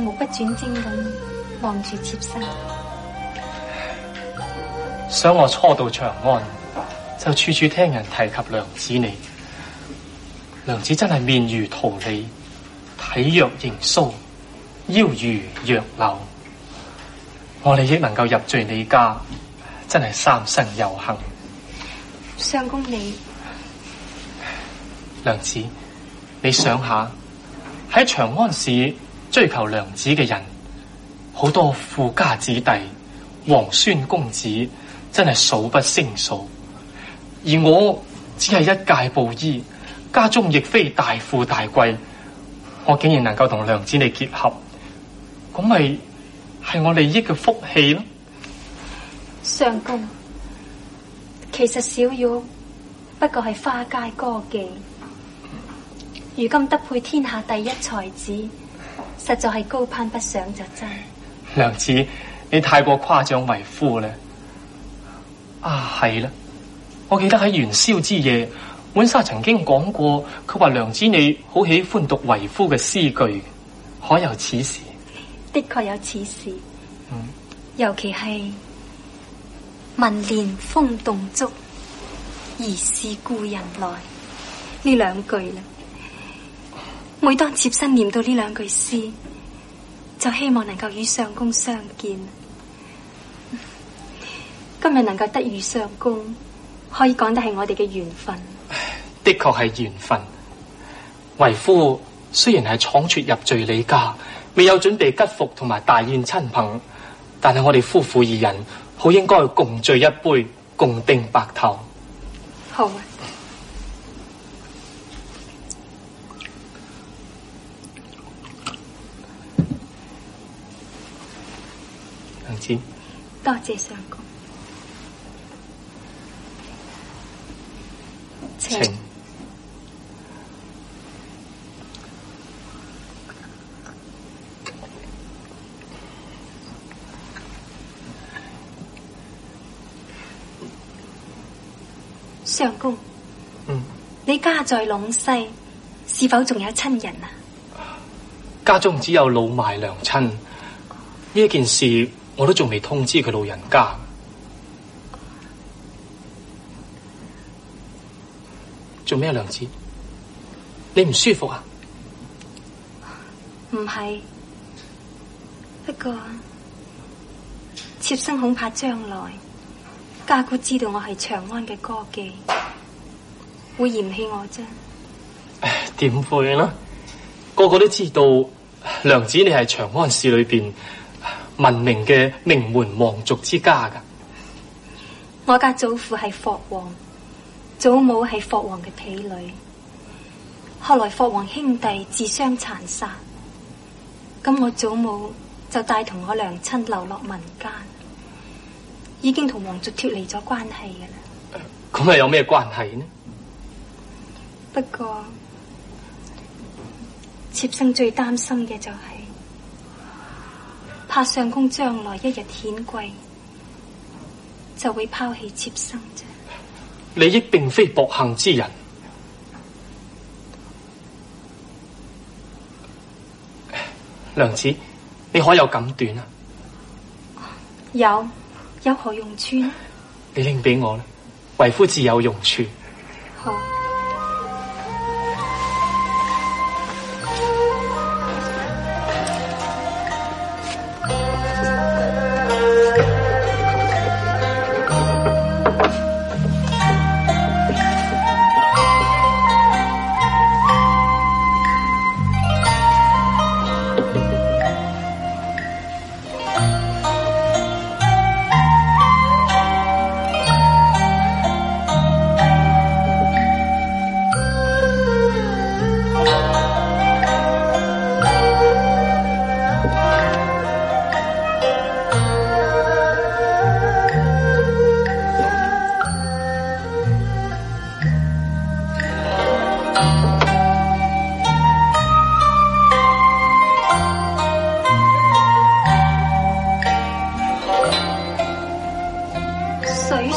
目不轉睛咁望住妾身，接生，想我初到長安，就處處聽人提及娘子你。娘子真係面如桃李，體若凝酥，腰如弱柳。我哋亦能夠入贅你家，真係三生有幸。相公你。娘子，你想下喺長安市，追求娘子嘅人好多，富家子弟、皇孫公子真係數不勝數。而我只係一介布衣，家中亦非大富大貴，我竟然能夠同娘子你結合，咁咪係我李益嘅福氣咯？相公，其實小玉不過係花街歌妓，如今得配天下第一才子。實在係高攀不上就真的。娘子，你太過誇張為夫啦！啊，係啦，我記得喺元宵之夜，本莎曾經講過，佢話娘子你好喜歡讀為夫嘅詩句，可有此事？的確有此事。嗯，尤其係“聞雁風動竹，疑是故人來”呢兩句啦每當妾身念到呢兩句詩，就希望能夠與相公相見。今日能夠得與相公，可以講得係我哋嘅緣分。的確係緣分。為夫雖然係闖入入贅李家，未有準備吉服同埋大宴親朋，但係我哋夫婦二人，好應該共聚一杯，共定白頭。好啊。多謝相公，請相公。嗯，你家在隴西，是否仲有親人啊家中只有老邁娘親，呢件事。我都仲未通知佢老人家。做咩，娘子？你唔舒服啊？唔係，不過妾身恐怕將來家姑知道我係長安嘅歌妓，會嫌棄我啫。唉，點會呢？個個都知道，娘子你係長安市裏邊。文明嘅名門望族之家噶，我家祖父係霍王，祖母係霍王嘅婢女。後來霍王兄弟自相殘殺，咁我祖母就帶同我娘親流落民間，已經同皇族脫離咗關係噶啦。咁係有咩關係呢？不過妾身最擔心嘅就係、是。怕相公將來一日顯貴，就會拋棄妾身啫。你亦並非薄幸之人。娘子，你可有感斷啊？有，有何用處？你拎俾我啦，為夫自有用處。好。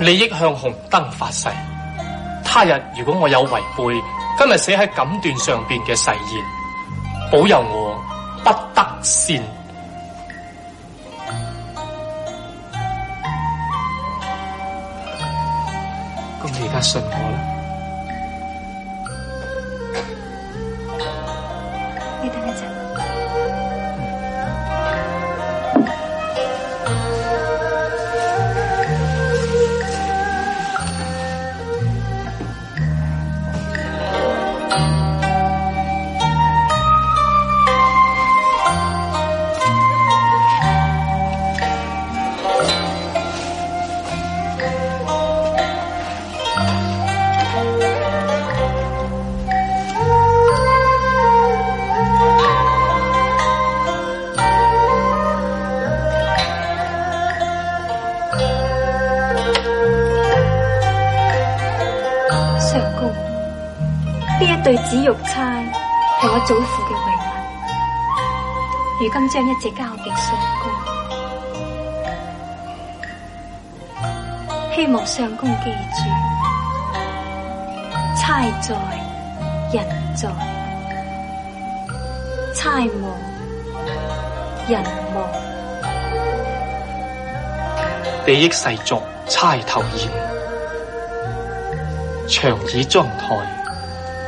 利益向紅燈發誓，他日如果我有違背，今日寫喺錦緞上邊嘅誓言，保佑我不得善。咁你而家信我啦。呢一對紫玉釵係我祖父嘅遺物，如今將一直交俾相公，希望相公記住：釵在人在，釵亡人亡。記憶世俗釵頭燕，長椅妝台。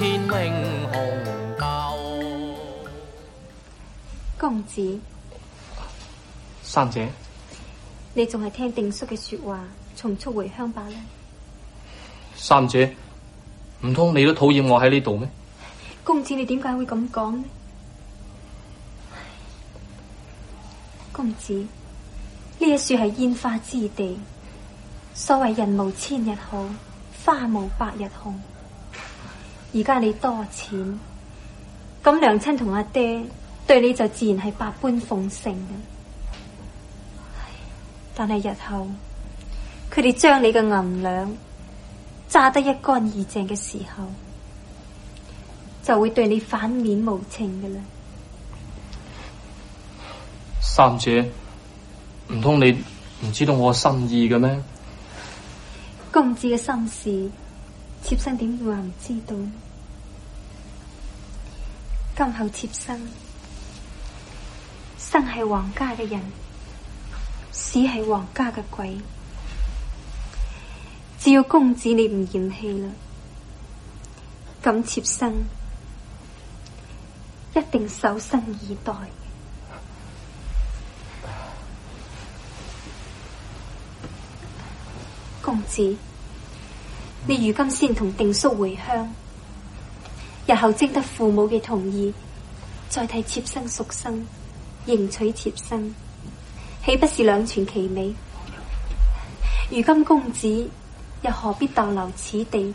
天命紅公子，三姐，你仲係聽定叔嘅說話，重速回鄉罷呢？三姐，唔通你都討厭我喺呢度咩？公子，你點解會咁講呢？公子，呢一樹係煙花之地，所謂人無千日好，花無百日紅。而家你多錢，咁娘親同阿爹對你就自然係百般奉承嘅。但係日後，佢哋將你嘅銀兩揸得一乾二淨嘅時候，就會對你反面無情嘅啦。三姐，唔通你唔知道我心意嘅咩？公子嘅心事。妾身點會話唔知道？今後妾身，生係皇家嘅人，死係皇家嘅鬼，只要公子你唔嫌棄啦，咁妾身一定守身以待，公子。你如今先同定叔回鄉，日後徵得父母嘅同意，再替妾身贖身，迎娶妾身，豈不是兩全其美？如今公子又何必逗留此地，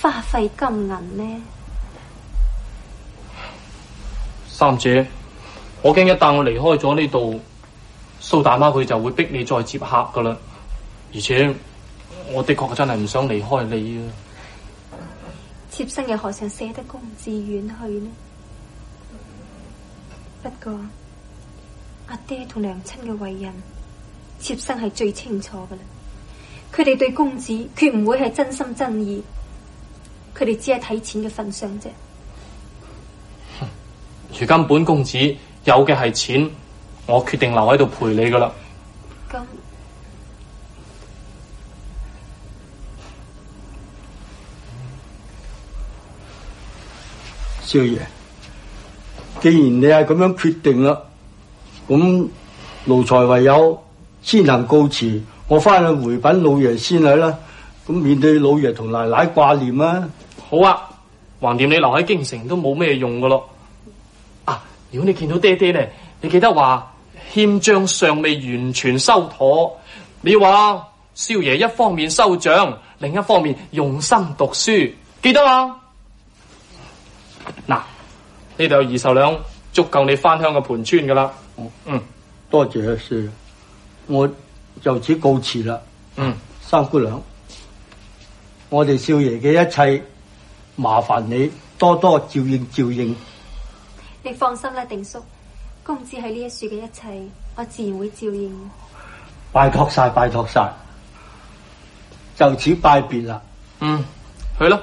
花費金銀呢？三姐，我驚一旦我離開咗呢度，蘇大媽佢就會逼你再接客㗎喇，而且。我的確真係唔想離開你啊！妾身又何嘗捨得公子遠去呢？不過阿爹同娘親嘅為人，妾身係最清楚噶啦。佢哋對公子，絕唔會係真心真意，佢哋只係睇錢嘅份上啫。如今本公子有嘅係錢，我決定留喺度陪你噶啦。咁。少爺，既然你係咁樣決定啦，咁奴才唯有先行告辭，我翻去回稟老爺先啦。咁面對老爺同奶奶掛念啦。好啊，橫掂你留喺京城都冇咩用噶咯。啊，如果你見到爹爹咧，你記得話欠賬尚未完全收妥。你要話少爺一方面收賬，另一方面用心讀書，記得啊？呢度有二十兩，足夠你返鄉嘅盤川噶啦。嗯，多謝叔，我就此告辭啦。嗯，三姑娘，我哋少爺嘅一切麻煩你多多照應照應。你放心啦，定叔，公子喺呢一樹嘅一切，我自然會照應。我拜託晒，拜託晒，就此拜別啦。嗯，去啦。